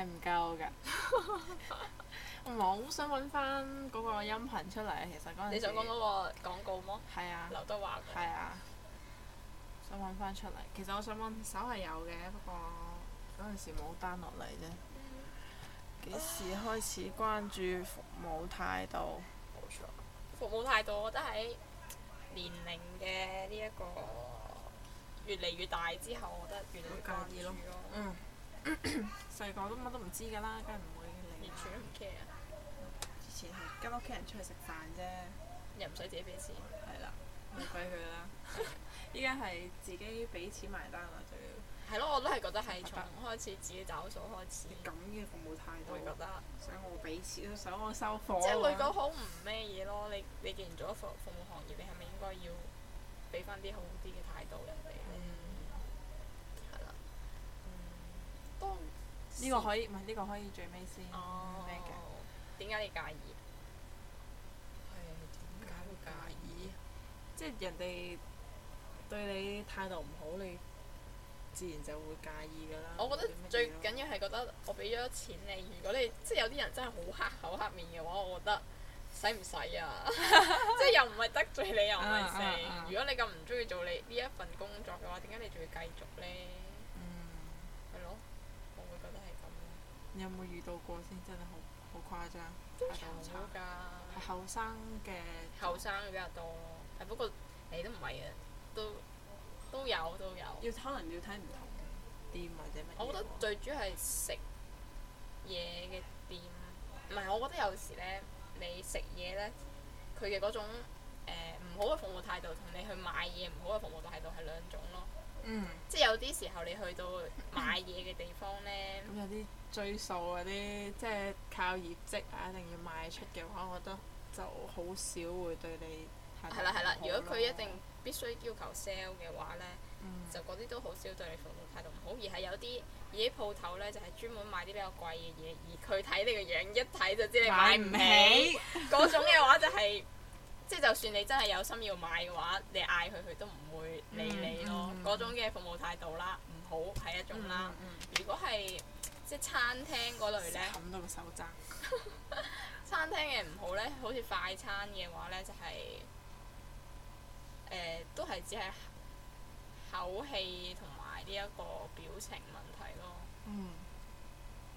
係唔夠㗎！夠 我好想揾翻嗰個音頻出嚟，其實嗰陣時你想講嗰個廣告麼？係啊。劉德華。係啊。想揾翻出嚟，其實我想網手係有嘅，不過嗰陣時冇 down 落嚟啫。幾、嗯、時開始關注服務態度？冇錯、啊。 服務態度，我覺得喺年齡嘅呢一個越嚟越大之後，我覺得越嚟越介意咯。嗯。細個 都乜都唔知㗎啦，梗係唔會理，完全唔 care。之前係跟屋企人出去食飯啫，又唔使自己俾錢。係啦。 唔怪佢啦。依家係自己俾錢埋單啦，就要。係咯，我都係覺得係從開始自己找數開始。咁嘅服務態度，會覺得。想我俾錢，想我收貨、啊。即係會講好唔咩嘢咯？你你既然做咗服服務行業，你係咪應該要俾翻啲好啲嘅態度咧？呢個可以唔係呢個可以最尾先咩嘅？點解、oh, 你介意？係點解會介意？即係人哋對你態度唔好，你自然就會介意㗎啦。我覺得最緊要係覺得我俾咗錢你，如果你即係、就是、有啲人真係好黑口黑面嘅話，我覺得使唔使啊？即係 又唔係得罪你又唔係成。Uh, uh, uh, uh. 如果你咁唔中意做你呢一份工作嘅話，點解你仲要繼續咧？你有冇遇到過先？真係好好誇張，非常多噶，係後生嘅後生嘅比較多，係不過你都唔係啊，都都有都有。都有，要可能要睇唔同嘅店或者咩。我覺得最主要係食嘢嘅店，唔係我覺得有時咧，你食嘢咧，佢嘅嗰種誒唔好嘅服務態度，同你去買嘢唔好嘅服務態度係兩種咯。嗯。即係有啲時候，你去到買嘢嘅地方咧。咁 有啲。追數嗰啲，即係靠業績啊，一定要賣出嘅話，我覺得就好少會對你係。係啦係啦，如果佢一定必須要求 sell 嘅話呢、嗯、就嗰啲都好少對你服務態度唔好，而係有啲而啲鋪頭呢，就係專門賣啲比較貴嘅嘢，而佢睇你個樣一睇就知你買唔起嗰 種嘅話就係、是，即係就算你真係有心要買嘅話，你嗌佢佢都唔會理你咯。嗰、嗯嗯、種嘅服務態度啦，唔好係一種啦。嗯嗯、如果係，即係餐廳嗰類咧，冚到個手踭。 餐廳嘅唔好咧，好似快餐嘅話咧，就係、是、誒、呃，都係只係口氣同埋呢一個表情問題咯。嗯。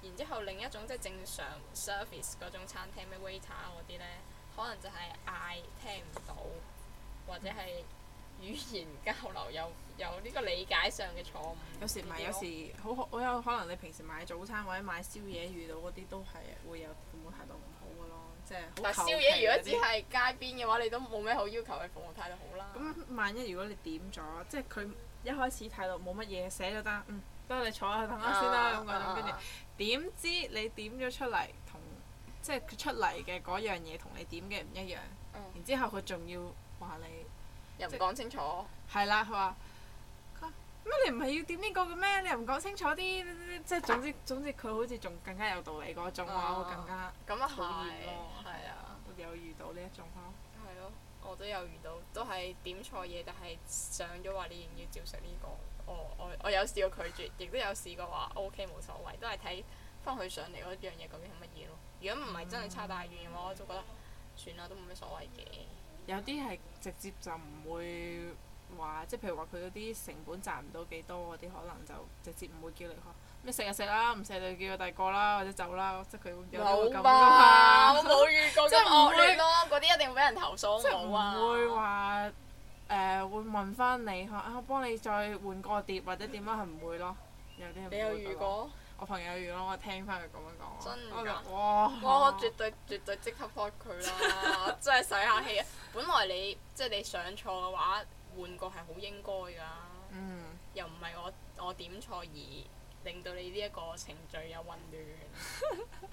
然之後另一種即係、就是、正常 service 嗰種餐廳，咩 waiter 啊，嗰啲咧，可能就係嗌聽唔到或者係。嗯語言交流有有呢個理解上嘅錯誤。有時唔係，有時好好，有可能你平時買早餐或者買宵夜遇到嗰啲都係會有服務態度唔好㗎咯，即係。但係，宵夜如果只係街邊嘅話，你都冇咩好要求嘅服務態度好啦。咁萬一如果你點咗，即係佢一開始態度冇乜嘢，寫咗單，嗯，得，你坐下等下先啦，咁樣跟住，點知你點咗出嚟同，即係佢出嚟嘅嗰樣嘢同你點嘅唔一樣，嗯、然之後佢仲要話你。又唔講清楚。係啦，佢話、啊：佢話乜？你唔係要點呢個嘅咩？你又唔講清楚啲，即係總之總之，佢好似仲更加有道理嗰種話，啊、我更加咁、嗯嗯、啊，遠咯。係啊。啊有遇到呢一種咯。係咯、啊，我都有遇到，都係點錯嘢，但係上咗話你仍然要照食呢、這個。我我我有試過拒絕，亦都有試過話 OK 冇所謂，都係睇翻佢上嚟嗰樣嘢究竟係乜嘢咯。如果唔係真係差太遠嘅話，嗯、我就覺得算啦，都冇乜所謂嘅。有啲係直接就唔會話，即係譬如話佢嗰啲成本賺唔到幾多嗰啲，可能就直接唔會叫你去。咩食就食啦，唔食就叫佢第個啦，或者走啦。即係佢有呢個咁我冇遇過。即係惡劣咯，嗰啲一定會俾人投訴我。即係唔會話誒、呃，會問翻你，話啊我幫你再換個碟或者點樣係唔會咯。有啲。你有遇過？我朋友語咯，我聽翻佢咁樣講。真㗎的！哇！我、哦、我絕對絕對即刻 po 佢啦！我 真係使客氣啊！本來你即係、就是、你上錯嘅話，換個係好應該㗎。嗯。又唔係我我點錯而令到你呢一個程序有混亂？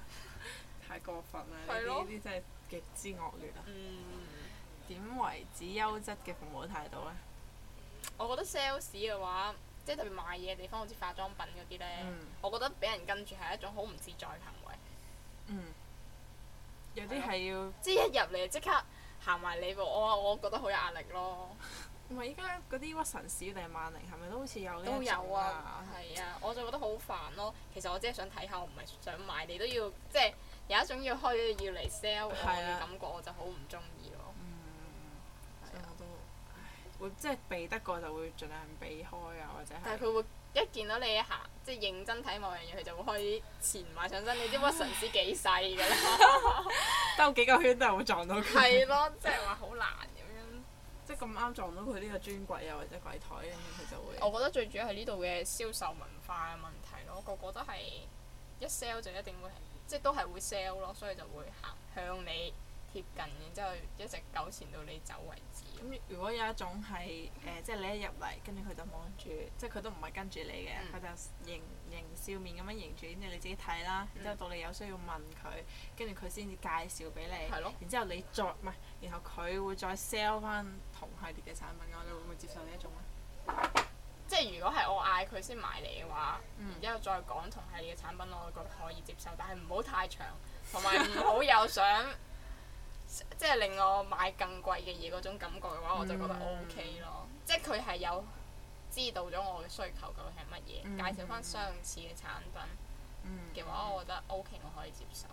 太過分啦！你哋呢啲咯真係極之惡劣啊！點維、嗯、持優質嘅服務態度咧？我覺得 sales 嘅話。即係特別賣嘢嘅地方，好似化妝品嗰啲咧，我覺得俾人跟住係一種好唔自在嘅行為。嗯。有啲係要，即係一入嚟即刻行埋你部。我我覺得好有壓力咯。唔係依家嗰啲屈臣氏定係萬寧，係咪都好似有呢都有啊？係啊，我就覺得好煩咯。其實我只係想睇下，我唔係想買。你都要即係有一種要開要嚟 sell 嘅感覺，我就好唔中意。會即係避得過就會盡量避開啊，或者係。但係佢會一見到你行，即係認真睇某樣嘢，佢就會開始纏埋上身。 你知屈臣氏幾細㗎啦，兜幾 個圈都係會撞到佢。係 咯，就是、 即係話好難咁樣，即係咁啱撞到佢呢個專櫃啊，或者櫃台咁樣，佢就會。我覺得最主要係呢度嘅銷售文化嘅問題咯，個個都係一 sell 就一定會，即、就、係、是、都係會 sell 咯，所以就會行向你。貼近，然之後一直糾纏到你走為止。咁如果有一種係誒、呃，即係你一入嚟，跟住佢就望住，即係佢都唔係跟住你嘅，佢、嗯、就迎迎笑面咁樣迎住，跟住你自己睇啦。然之後到你有需要問佢，跟住佢先至介紹俾你。係咯。然之後你再唔係，然後佢會再 sell 翻同系列嘅產品嘅話，嗯、你會唔會接受呢一種咧？即係如果係我嗌佢先埋嚟嘅話，嗯、然之後再講同系列嘅產品，我覺得可以接受，但係唔好太長，同埋唔好有想。 即係令我買更貴嘅嘢嗰種感覺嘅話，我就覺得 OK 咯。即係佢係有知道咗我嘅需求究竟係乜嘢，介紹翻相似嘅產品，嘅話我覺得 OK，我可以接受。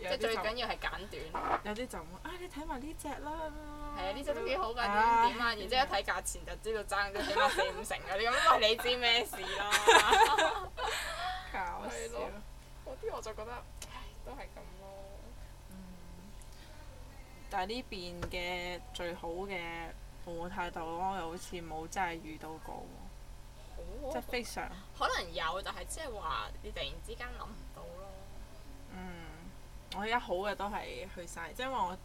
即係最緊要係簡短。有啲就咁啊！你睇埋呢隻啦。係啊，呢隻都幾好噶，點啊？然之後一睇價錢就知道爭咗起碼四五成啊！你咁啊，你知咩事咯？搞笑。嗰啲我就覺得，唉，都係咁但係呢邊嘅最好嘅服務態度咯，我又好似冇真係遇到過喎，好好好，即係非常。可能有，但係即係話你突然之間諗唔到咯。嗯，我而家好嘅都係去晒，即係因為我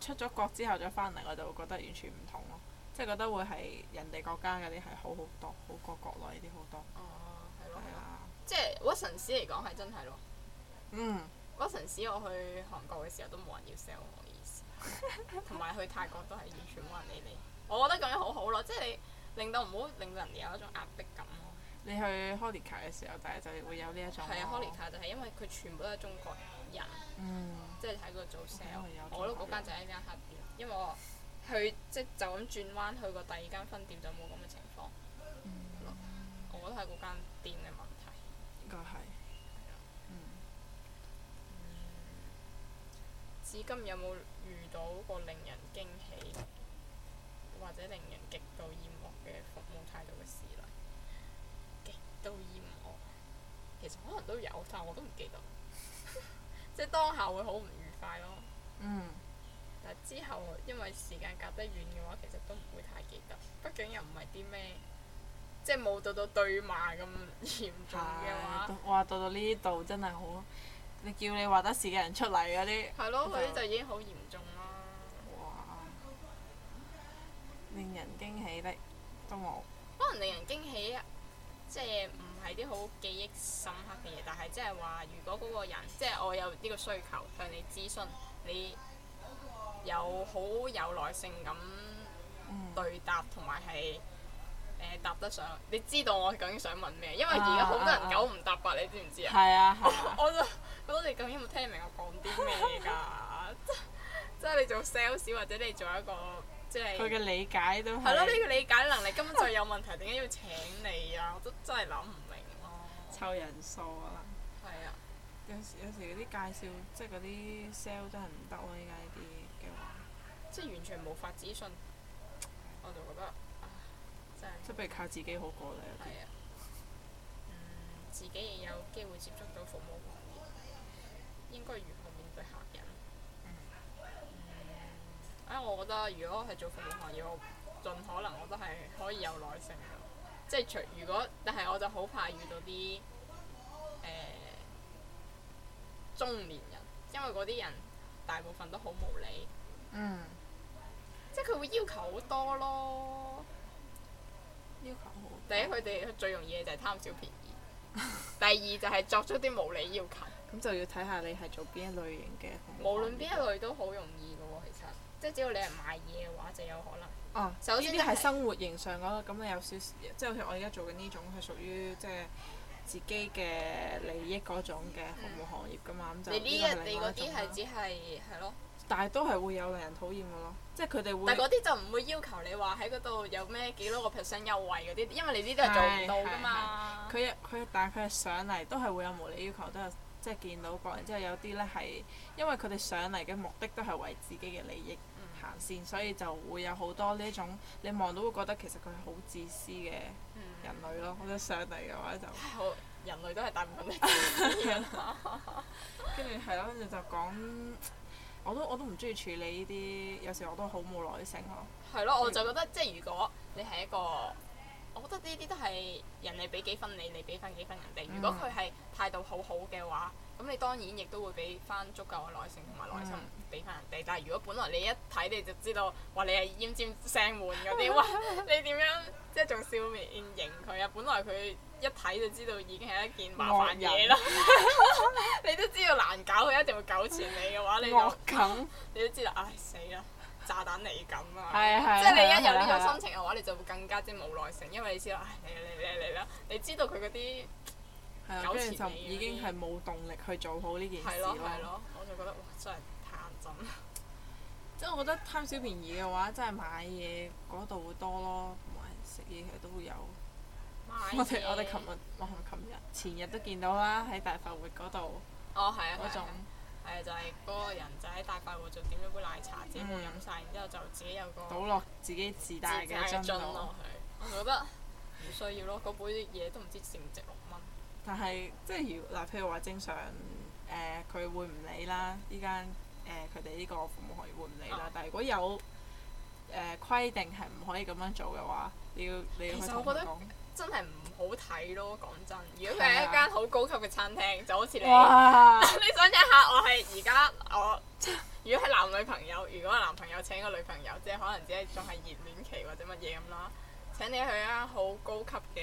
出咗國之後再翻嚟，我就會覺得完全唔同咯。即係覺得會係人哋國家嗰啲係好好多，好過國內啲好多。哦，係咯。係啊！了即係屈臣氏嚟講，係真係咯。嗯。屈臣氏，我去韓國嘅時候都冇人要 sell 我。同埋 去泰國都係完全冇人理你，我覺得咁樣好好咯，即、就、係、是、你令到唔好令到人哋有一種壓迫感咯、啊。你去 Holiday 嘅時候，但係就會有呢一種。係啊，Holiday 就係因為佢全部都係中國人，嗯、即係喺嗰度做 sale。Okay，我覺得嗰間就係一間黑店，嗯、因為我去即係就咁、是、轉彎去個第二間分店就冇咁嘅情況。嗯、我覺得係嗰間店嘅問題。應該係。至今有冇遇到過令人驚喜，或者令人極度厭惡嘅服務態度嘅事呢？極度厭惡，其實可能都有，但係我都唔記得。 即係當下會好唔愉快咯。嗯。但係之後，因為時間隔得遠嘅話，其實都唔會太記得。畢竟又唔係啲咩，即係冇到到對罵咁嚴重嘅話。哇、啊！到到呢度真係好～你叫你話得事嘅人出嚟嗰啲，係咯喲，嗰啲就，就已經好嚴重啦。哇！令人驚喜的都冇，可能令人驚喜，即係唔係啲好記憶深刻嘅嘢？但係即係話，如果嗰個人，即係我有呢個需求向你諮詢，你有好有耐性咁對答，同埋係誒答得上。你知道我究竟想問咩？因為而家好多人九唔搭八，啊啊你知唔知啊？係啊！ 我我覺得你究竟有冇聽明我講啲咩㗎？即係 你做 sales 或者你做一個即係。佢、就、嘅、是、理解都係咯，呢、這個理解能力根本就有問題。點解 要請你啊？我都真係諗唔明咯。湊、哦、人數啊！係 啊有！有時有時嗰啲介紹即係嗰啲 sale 真係唔得咯，依家呢啲嘅話，即係、啊、 完全冇法子信。我就覺得，真係。就不如靠自己好過啦。啊、嗯，自己亦有、， 嗯、有機會接觸到服務。應該如何面對客人？誒、嗯嗯哎，我覺得如果我係做服務行業，我盡可能我都係可以有耐性即係除如果，但係我就好怕遇到啲、呃、中年人，因為嗰啲人大部分都好無理。嗯。即係佢會要求，要求好多咯。要求好。第一，佢哋最容易嘅就係貪小便宜； 第二就係作出啲無理要求。咁就要睇下你係做邊一類型嘅。無論邊一類都好容易㗎喎，其實即係只要你係賣嘢嘅話，就有可能。哦、啊，首先啲係、就是就是、生活型上嗰個咁，你有少少，即係好似我而家做緊呢種係屬於即係、就是、自己嘅利益嗰種嘅服務行業㗎嘛，咁就、嗯。這這一你呢？你嗰啲係只係係咯。但係都係會有令人討厭㗎咯，即係佢哋會。但係嗰啲就唔會要求你話喺嗰度有咩幾多個 percent 優惠嗰啲， 因為你呢啲係做唔到㗎嘛。佢佢，但係佢係上嚟都係會有無理要求，都係。即係見到過然之後，有啲咧係因為佢哋上嚟嘅目的都係為自己嘅利益行先，嗯、所以就會有好多呢種你望到會覺得其實佢係好自私嘅人類咯。我覺得、嗯、上嚟嘅話就，人類都係大唔同嘅跟住係咯，跟住 就講，我都我都唔中意處理呢啲，有時我都好冇耐性咯。係咯吧，以我就覺得即係如果你係一個。我覺得呢啲都係人哋俾幾分你，你俾翻幾分人哋。如果佢係態度好好嘅話，咁你當然亦都會俾翻足夠嘅耐性同埋耐心俾翻人哋。嗯、但係如果本來你一睇你就知道，哇！你係奄尖聲悶嗰啲，哇！你點樣即係仲笑面迎佢？本來佢一睇就知道已經係一件麻煩嘢啦。人 你都知道難搞，佢一定會糾纏你嘅話，你就減 你都知道，唉、哎、死啦！炸彈嚟咁啊！對對對，即係你一有呢種心情嘅話，你就會更加之無耐性。對對對，因為你知啦，唉，你你啦！你知道佢嗰啲，跟住對就已經係冇動力去做好呢件事咯。我就覺得哇，真係貪真！ 即係我覺得貪小便宜嘅話，真係買嘢嗰度會多咯，同埋食嘢其實都會有。錢我哋我哋琴日哇，琴日前日都見到啦，喺大發活嗰度。哦，係啊！嗰、哦、種。係、嗯、就係嗰個人就喺大快活就點咗杯奶茶，自己冇飲晒，然之後就自己有個倒落自己自帶嘅樽度。去 我覺得唔需要咯，嗰杯嘢都唔知值唔值六蚊。但係即係如嗱，譬如話正常誒，佢、呃、會唔理啦。依間誒，佢哋呢個服務可以唔理啦。啊、但係如果有誒、呃、規定係唔可以咁樣做嘅話，你要你要。其實 你要我覺得真係。好睇咯，講真，如果佢係一間好高級嘅餐廳，啊、就好似你哇 呵呵，你想一下，我係而家我，如果係男女朋友，如果男朋友請個女朋友，即係可能只係仲係熱戀期或者乜嘢咁啦，請你去一間好高級嘅誒、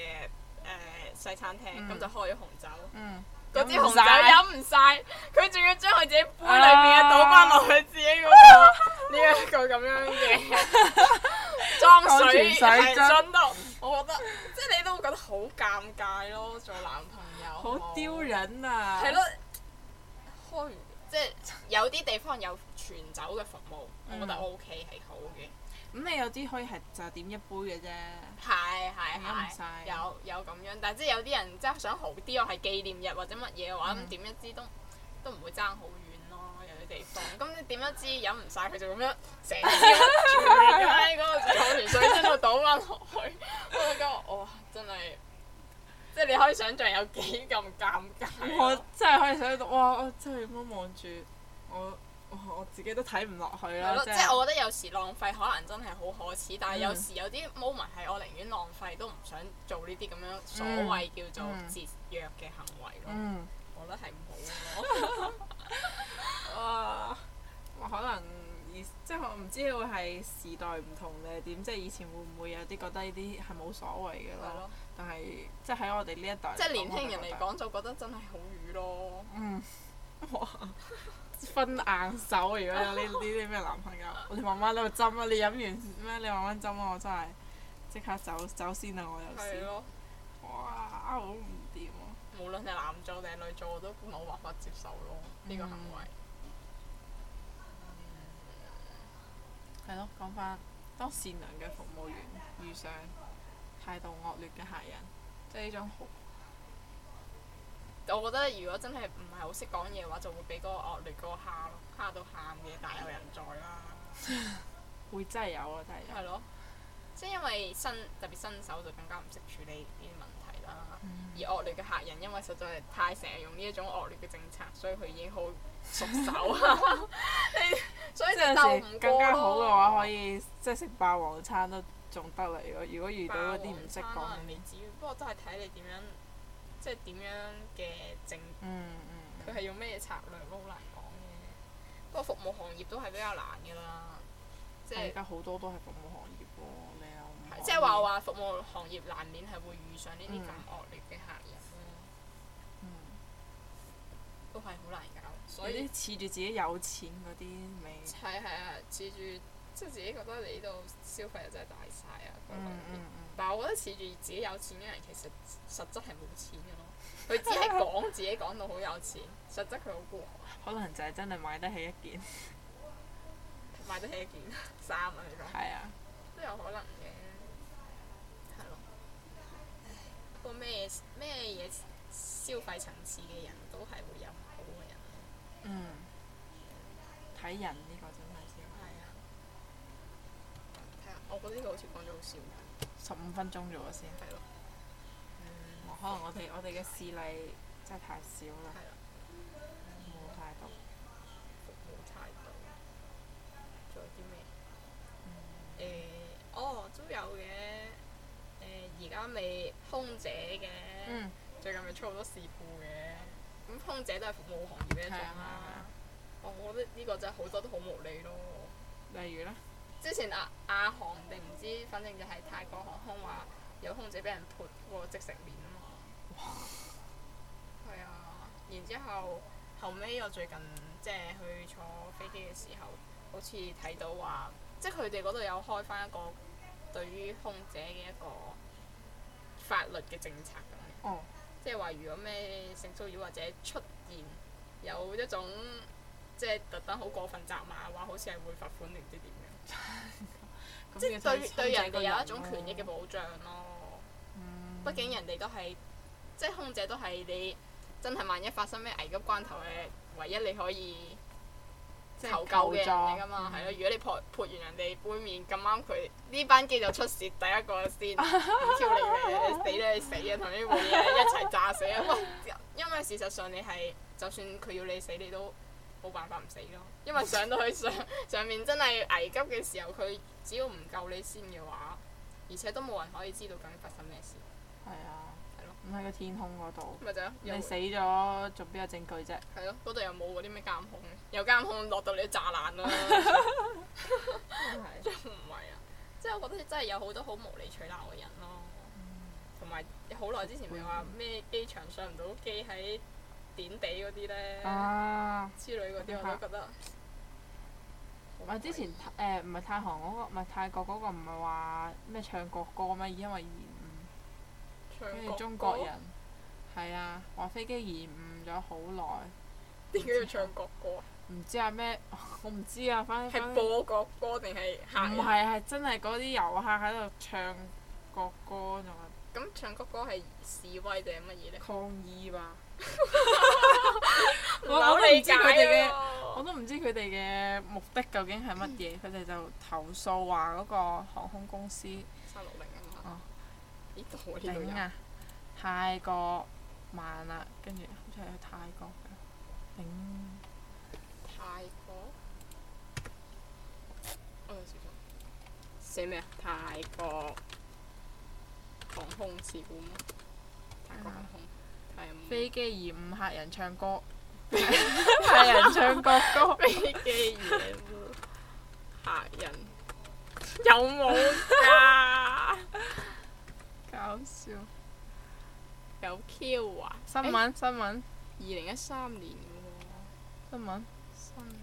呃、西餐廳，咁、嗯、就開咗紅酒，嗯，嗰支紅酒飲唔晒，佢仲、啊、要將佢自己杯裏面嘅倒翻落去自己、嗰個，呢、啊、個咁樣嘅裝、啊、 水樽度。 我覺得即係你都會覺得好尷尬咯，做男朋友。好,好丟人啊！係咯，開完即係有啲地方有全酒嘅服務， 我覺得 OK 係好嘅。咁 你有啲可以係就點一杯嘅啫。係係係。有有咁樣，但係即係有啲人即係想好啲，我係紀念日或者乜嘢嘅話，咁點一支都都唔會爭好。地方，咁你點樣知飲唔晒，佢就咁樣成支咁轉，喺嗰個礦泉水樽度倒翻落去，咁我哇真係，即係你可以想像有幾咁尷尬。我真係可以想象到，哇！我真係咁樣望住我，我自己都睇唔落去啦。吧的即係我覺得有時浪費可能真係好可恥，但係有時有啲 moment 係我寧願浪費都唔想做呢啲咁樣所謂叫做節約嘅行為咯、嗯嗯。我覺得係唔好啊！可能以即係我唔知會係時代唔同定係點，即係以前會唔會有啲覺得呢啲係冇所謂嘅咯？了但係即係喺我哋呢一代，即係年輕人嚟講，就覺得真係好瘀咯。嗯。哇！ 分硬手，如果有呢啲咩男朋友， 你慢慢喺度斟啊！你飲完咩？你慢慢斟啊！我真係即刻走走先啊。我又。係咯了。哇！好唔掂啊！無論係男做定女做，我都冇辦法接受咯。呢個行為。嗯係咯，講返當善良嘅服務員遇上態度惡劣嘅客人，即係呢種好。我覺得如果真係唔係好識講嘢嘅話，就會俾嗰個惡劣嗰個蝦咯，蝦到喊嘅大有人在啦。 會真係有啊，真係。係咯。即係因為新特別新手就更加唔識處理呢啲問題啦，嗯、而惡劣嘅客人因為實在係太成日用呢一種惡劣嘅政策，所以佢已經好熟手。你。 所以就係更加好嘅話，可以即係食霸王餐都仲得嚟咯。如果遇到一啲唔識講嘅面子，不過真係睇你點樣，即係點樣嘅政，佢係、嗯嗯、用咩策略都好難講嘅。不過服務行業都係比較難㗎啦，即係而家好多都係服務行業喎，咩？即係話話服務行業難免係會遇上呢啲咁惡劣嘅客人，嗯，嗯，都係好難搞。所以恃住自己有錢嗰啲咪？係係啊！恃住即係自己覺得你呢度消費又真係大晒啊、嗯！嗯嗯嗯，但係我覺得恃住自己有錢嘅人其實實質係冇錢嘅咯。佢 只係講自己講到好有錢，實質佢好孤寒，可能就係真係買得起一件。 買得起一件衫啊！你講。係啊。都有可能嘅。係咯。唉。 個咩咩嘢消費層次嘅人都係會有唔同嘅。嗯，睇人呢個真係少。係啊，睇下。我覺得呢個好似講咗好少。十五分鐘咗先。係咯了、嗯。可能我哋 我哋嘅事例真係太少啦。係啦了。冇太多。仲有啲咩？誒、嗯欸，哦，都有嘅。而家未空姐嘅。嗯。最近咪出好多事故嘅。咁空姐都係服務行業嘅一種啦。的我覺得呢個真係好多都好無理咯。例如呢，之前亞亞航定唔知，嗯、反正就係泰國航空話有空姐俾人潑過即食麵啊嘛。哇嘩！係啊！然之後後尾我最近即係、就是、去坐飛機嘅時候，好似睇到話，即係佢哋嗰度有開返一個對於空姐嘅一個法律嘅政策咁。哦。即係話，如果咩性騷擾或者出現有一種即係、就是、特登好過分責罵嘅話，好似係會罰款定唔知點樣？ 即係對 即對人哋有一種權益嘅保障咯。嗯、畢竟人哋都係，即係空姐都係你真係萬一發生咩危急關頭嘅唯一你可以求救嘅人嚟噶嘛，係咯、嗯。如果你潑潑完人哋杯麵，咁啱佢呢班機就出事，第一個先超 你離，死你死啊，同呢部嘢一齊炸死啊！哇， 因為事實上你係，就算佢要你死，你都冇辦法唔死咯。因為到上到去 上上邊真係危急嘅時候，佢只要唔救你先嘅話，而且都冇人可以知道究竟發生咩事。 喺個天空嗰度，咪就係咯，你死咗仲邊有證據啫？係咯，嗰度又冇嗰啲咩監控有監控落到你炸爛咯。唔係 啊，即係我覺得真係有好多好無理取鬧嘅人咯。同埋好耐之前咪話咩機場上唔到機喺點地嗰啲咧？之、啊、類嗰啲我，還我都覺得、啊。唔係之前泰誒唔係泰航嗰個，唔係泰國嗰個，唔係話咩唱國歌咩？因為。跟住中國人，係啊，話飛機延誤咗好耐。點解要唱國歌啊？唔知啊？咩？我唔知啊！反正係播國歌定係嚇？唔係係真係嗰啲遊客喺度唱國歌仲嘛？咁唱國歌係示威定係乜嘢咧？抗議吧。我都唔知佢哋嘅，我都唔知佢哋嘅目的究竟係乜嘢。佢哋就投訴話嗰個航空公司。頂啊！泰國慢啦，跟住好似係去泰國㗎。頂！泰國，我有試過。寫咩啊？泰國航空事故。泰國航空。泰。飛機延誤客人唱歌。泰人唱國歌。飛機延誤。客人。有冇？笑，有 Q 啊！新聞新聞，二零一三年喎新聞。新聞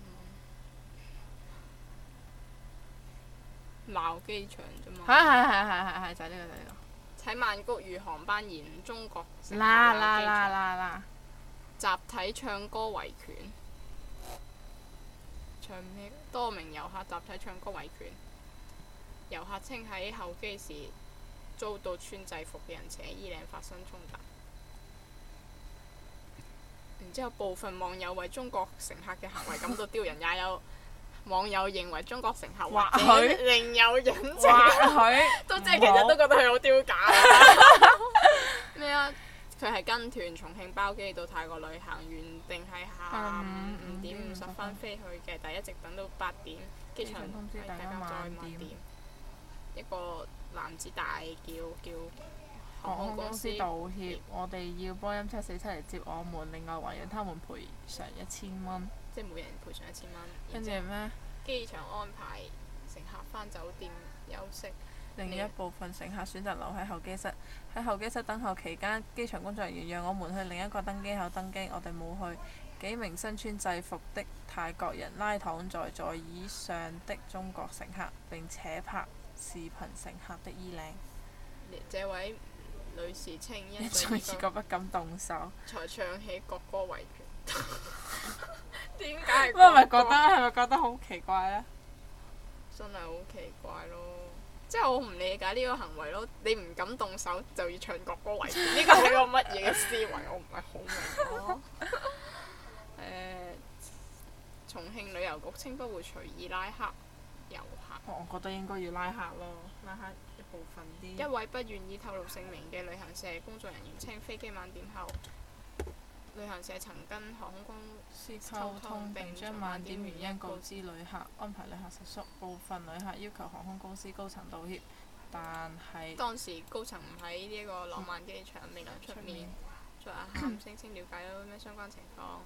鬧機場啫嘛。嚇！係係係係就係呢個就呢個。喺曼谷遇航班延，中國。啦啦啦啦啦！集體唱歌維權。唱咩？多名遊客集體唱歌維權。遊客稱喺候機時，遭到穿制服嘅人扯衣領發生衝突， 然之後部分網友為中國乘客嘅行為感到丟人，也有網友認為中國乘客或許另有隱情，或許 都即係其實都覺得佢好丟架。」咩啊？佢係、 啊、跟團重慶包機到泰國旅行，原定係下午五點五十分飛去嘅，但、嗯、一直等到八點、嗯、機場通知大家再晚點一個。男子大叫：叫航空公司，公司道歉，行我哋要波音七四七嚟接我們，另外還讓他們賠償一千蚊。即係每人賠償一千蚊。跟住咩？機場安排乘客翻酒店休息。另一部分乘客選擇留喺候機室。喺候你機室等候期間，機場工作人員讓我們去另一個登機口登機，我哋冇去。幾名身穿制服的泰國人拉躺在座椅上的中國乘客，並且拍。視頻乘客的衣領。這位女士稱：一再試過不敢動手，才唱起國歌維權。點 解？ 係咪 覺得係咪覺得好奇怪咧？真係好奇怪咯！即係我唔理解呢個行為咯。你唔敢動手，就要唱國歌維權，呢個係個乜嘢嘅思維？ 我唔係好明咯。 uh, 重慶旅遊局稱，不會隨意拉黑遊。我覺得應該要拉客咯，拉客一部分啲。一位不願意透露姓名嘅旅行社工作人員稱，飛機晚點後，旅行社曾跟航空公司溝通，並將晚點原因告知旅客，安排旅客食宿。高部分旅客要求航空公司高層道歉，但係當時高層唔喺呢一個浪漫機場，嗯、未能出面作下客觀澄清，瞭解咯咩相關情況，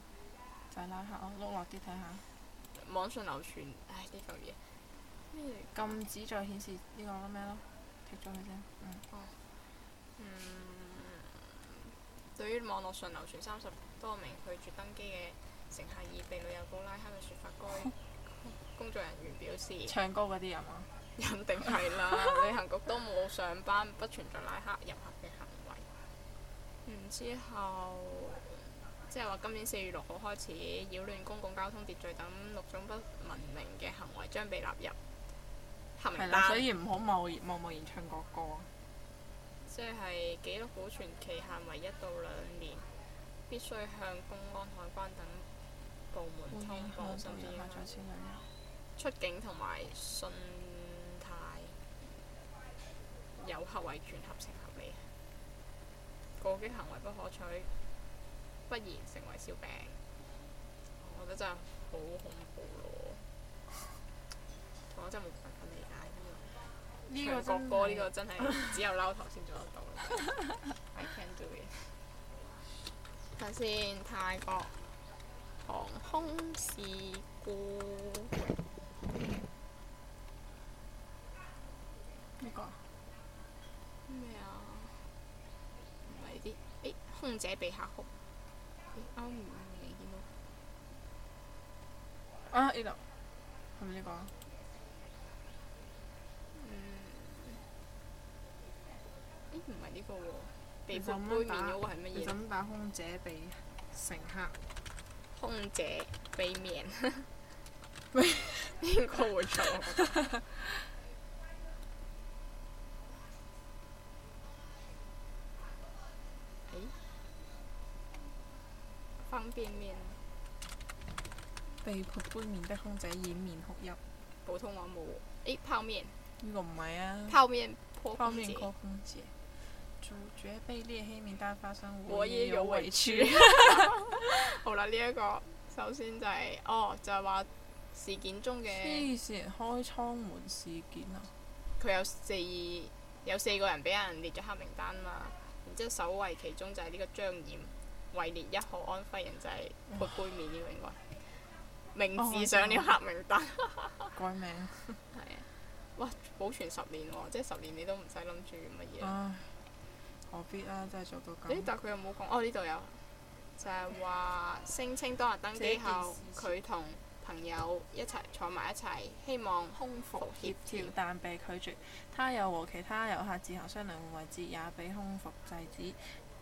就係拉客咯，碌、哦、落啲睇下。網上流傳，唉，呢嚿嘢。禁止再顯示呢個咯，咩咯，踢咗佢先。嗯。哦。嗯，對於網絡上流傳三十多名拒絕登機嘅乘客已被旅遊局拉黑嘅說法，該工作人員表示：唱歌嗰啲人啊，肯定係啦。旅行局都冇上班，不存在拉黑遊客嘅行為。然之後，即係話今年四月六號開始，擾亂公共交通秩序等六種不文明嘅行為將被納入。係啦，所以唔好貿貿然唱國歌，即係記錄保存期限為一到兩年，必須向公安、海關等部門通報的，甚至於出境同埋信貸有客維權合情合理，過激行為不可取，不然成為笑柄。我覺得真係好恐怖咯！我真係冇。呢個國歌，呢個真係只有撈頭先做得到。 I can do it。首 先，泰國航空事故。呢個咩啊？唔係啲，誒，空姐被嚇哭。啱唔明顯咯？啊，呢度係咪呢個？唔係呢個喎、啊，被迫杯麵嗰個係乜嘢？想把空姐俾乘客？空姐俾面？喂 誰，邊個會做？誒？方便麵。被迫杯麵的空姐掩面哭泣。普通話冇誒泡麵。呢個唔係啊。泡麵破泡，泡麵破空姐。主角被列黑名單發生，我也有委屈。 好啦，呢、這、一個首先就係、是，哦，就係、是、話事件中嘅黐綫開倉門事件啊。佢有四有四個人俾人列咗黑名單啊嘛，然之後首位其中就係呢個張艷，位列一號安徽人，就係潑杯麵呢、這個應該，呃、名字上咗黑名單。改、哦、 名。係啊。哇！保存十年喎、哦，即係十年你都唔使諗住乜嘢。何必啦、啊，真係做到咁。但佢又冇講，哦呢度有，就係話聲稱當日登機後，佢同 is 朋友一齊坐埋一齊，希望空服協調，協調，但被拒絕。他又和其他遊客自行商量位置，也被空服制止。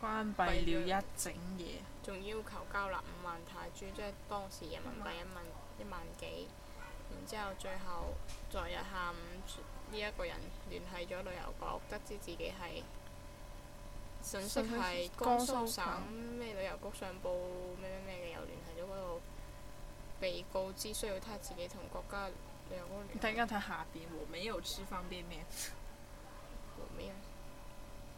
關閉了一整夜，仲，要求交納五萬泰銖，即係當時人民幣一萬、嗯、一萬幾。然之後最後昨日下午呢一、這個人聯繫咗旅遊局，得知自己係信息係江蘇省咩旅遊局上報咩咩咩嘅，又聯繫咗嗰度，被告知需要他自己同國家旅遊局聯繫。大家睇下邊，我沒有吃方便麵，我沒有。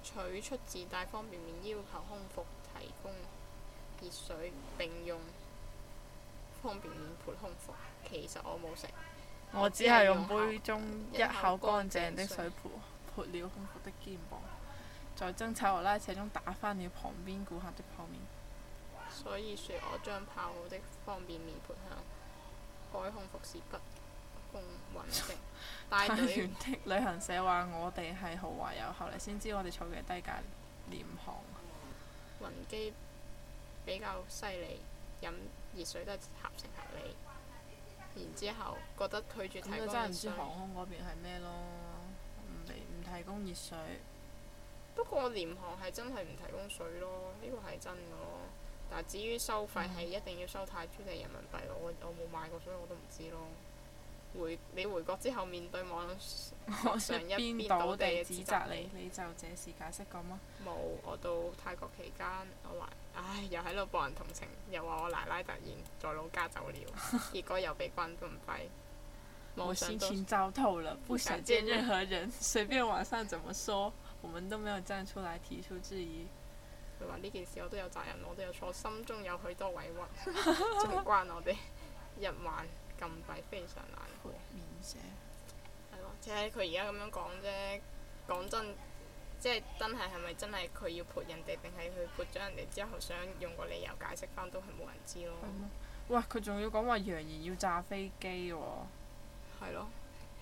取出自帶方便麵，要求空服提供熱水，並用方便麵潑空服。其實我冇食，我只係用杯中一口乾淨的水潑了空服的肩膀，在爭吵和拉扯中打翻了旁邊顧客的泡麵。所以說我將泡好的方便麵潑向該空服是不？宏運的，泰元的旅行社話：我哋係豪華遊，後嚟先知我哋坐嘅低價廉航。宏基比較犀利，飲熱水都係合情合理。然之後覺得拒絕提供真係唔知航空嗰邊係咩咯？唔提唔提供熱水。不過廉航係真係唔提供水咯，呢、呢個係真嘅咯。但至於收費係一定要收泰銖定人民幣、嗯、咯？我我冇買過，所以我都唔知咯。回你回國之後面對網上一邊倒地指責你， 你就這事解釋過嗎？冇，我到泰國期間，我話，唉，又喺度博人同情，又話我奶奶突然在老家走了， 結果又被關禁閉。事前糟透了，不想見任何人， 隨便網上怎麼說，我們都沒有站出來提出質疑。佢話呢件事我都有責任，我都有錯，心中有許多委屈，仲唔關我哋一晚。禁幣非常難。佢免償。係咯，即係佢而、就是、是是家咁樣講啫。講真，即係真係係咪真係佢要潑人哋，定係佢潑咗人哋之後，想用個理由解釋翻都係冇人知咯。哇！佢仲要講話揚言要炸飛機喎、哦。係咯了。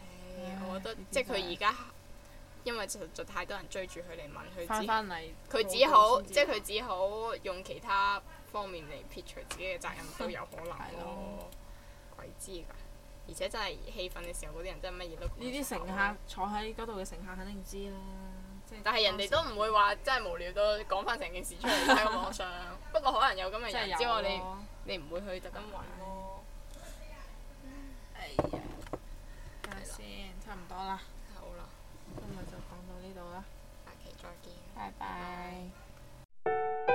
欸、唉，我覺得唉即係佢而家，唉因為實在太多人追住佢嚟問佢。翻翻嚟。佢只好即係佢只好用其他方面嚟撇除自己嘅責任都有可能咯。知㗎，而且真係氣憤嘅時候，嗰啲人真係乜嘢都講。呢啲乘客坐喺嗰度嘅乘客肯定知啦。就是、但係人哋都唔會話真係無聊到講返成件事出嚟喺 個網上。不過可能有咁嘅人之我哋，你唔會去特登揾咯。係啊的。睇下先，差唔多啦。好啦了，今日就講到呢度啦。下期再見。拜拜。